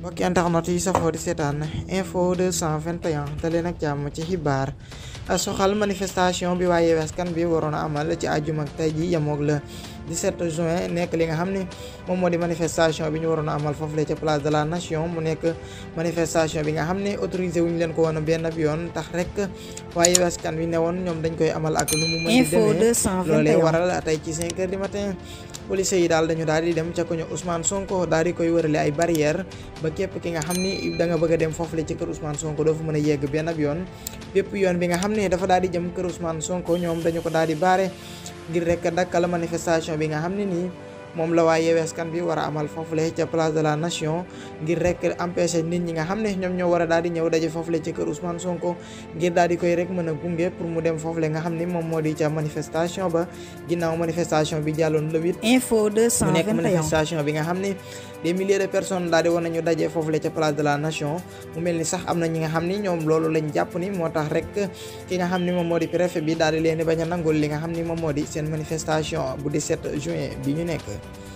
mbokki internet yi safoo di seetaan info 221 daleen ak jàmm ci xibaar soxal manifestation bi waaye kan bi waroon a amal ci àjjuma ak tey ji yamoog la 17 juin nekk li nga xam ne moom moo di manifestation bi ñu waroon a amal foofu la ca place de la nation mu nekk manifestation bi nga xam ne autorisé wuñu leen ko woon benn ab yoon tax rek waaye askan wi ne woon ñoom dañ koy amal ak lu mu mën di demee loolee waral tey ci 5 heures du matin police yi daal dañu daal di dem ca koñu Ousmane Sonko daal di koy warale ay barrière ba képp ki nga xam ni danga nga bëgg a dem foofu la ci kër Ousmane Sonko doo fa mën a yegg benn yoon bépp yoon bi nga xam ne dafa daal di jëm kër Ousmane Sonko ñoom dañu ko daal di baare ngir rek dakkal manifestation bi nga xam ne nii moom la waaye Yewwi bi war a amal foofule ca place de la nation ngir rek empêcher nit ñi nga xam ne ñoom ñoo war a daal di ñëw daje foofule ci kër Ousmane Sonko ngir daal di koy rek mën a gunge pour mu dem foofule nga xam ne moom moo di ca manifestation ba ginnaaw manifestation bi jàlloon le 8. info 221 mu nekk manifestation bi nga xam ne. des milliers de personnes daal di woon nañu daje foofule la ca place de la nation mu mel ni sax am na ñi nga xam ni ñoom loolu lañ jàpp ni moo tax rek ki nga xam ni moom moo di préfet bi daal di leen bañ a nangul li nga xam ni moom moo di seen manifestation bu 17 juin bi ñu nekk